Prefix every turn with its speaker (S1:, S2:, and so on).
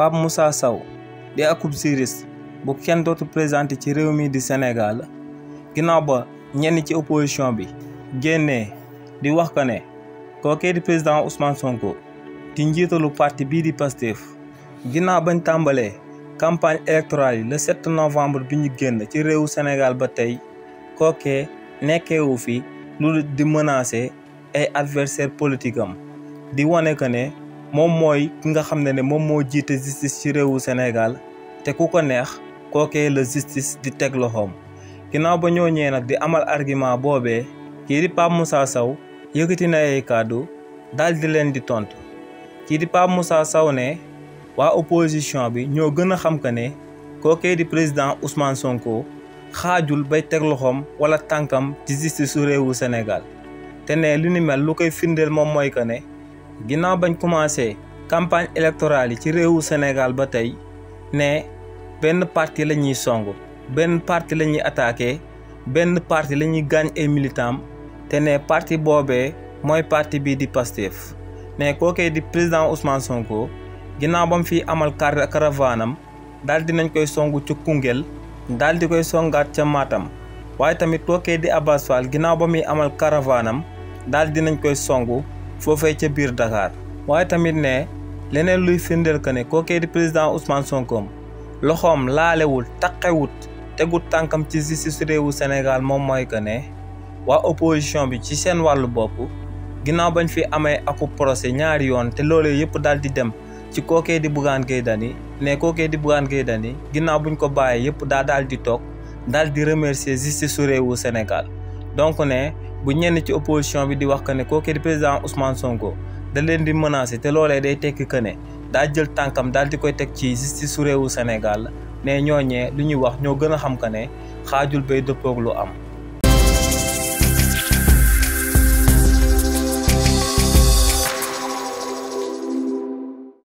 S1: Pape Moussa saw di akub juriste bu kenn dootu présenté ci réew mii di Sénégal ginnaaw ba ñenn ci opposition bi génnee di wax ko ne kookee di président Ousmane Sonko di njiitalu parti bii di Pastef ginnaaw bañ tàmbalee campagne électorale yi le 7 novembre bi ñu génn ci réewu Sénégal ba tey kookee nekkeewu fi lu di menacer ay adversaire politique am di wane que ne moom mooy ki nga xam ne ne moom moo jiite justice ci réewu Sénégal te ku ko neex kookee la justice di teg loxoom ginnaaw ba ñooñee nag di amal argument boobee kii di Pape Moussa saw yëkkati na ay kàddu daal di leen di tontu kii di Pape Moussa saw ne waa opposition bi ñoo gën a xam que ne kookee di président Ousmane Sonko xaajul bay teg loxoom wala tànkam ci justice su réewu Sénégal te ne li ni mel lu koy firndeel moom mooy que ne ginnaaw bañ commencé campagne électorale yi ci réewu Sénégal ba tey ne benn parti la ñuy song benn parti la ñuy attaqué benn parti la ñuy gaañ ay militant te ne parti boobee mooy parti bii di Pastef ne kookee di président Ousmane Sonko ginnaaw ba mu fiy amal caravane am daal di nañ koy song ci Koungheul daal di koy songaat ca maatam waaye tamit kookee di Abass ginnaaw ba muy amal caravane am daal di nañ koy songu foofee ca biir Dakar waaye tamit ne leneen luy firndeel que ne kookee di président Ousmane Sonko loxoom laalewul taqewut tegut tànkam ci justice réewu Sénégal moom mooy que ne waa opposition bi ci seen wàllu bopp ginnaaw bañ fi amee aku procès ñaari yoon te loolee yëpp daal di dem ci kookee di Bougane Gueye ne kookee di Bougane Gueye Dany ginnaaw buñ ko bàyyi yëpp daa daal di toog daal di remercier justice su réewu Sénégal donc ne bu ñenn ci opposition bi di wax que ne kooku di président Ousmane Sonko da leen di menacer te loolee day tekki que ne daa jël tànkam daal di koy teg ci justice su réewu Sénégal ne ñooñee lu ñuy wax ñoo gën a xam que ne xaajul bay dëppoog lu am.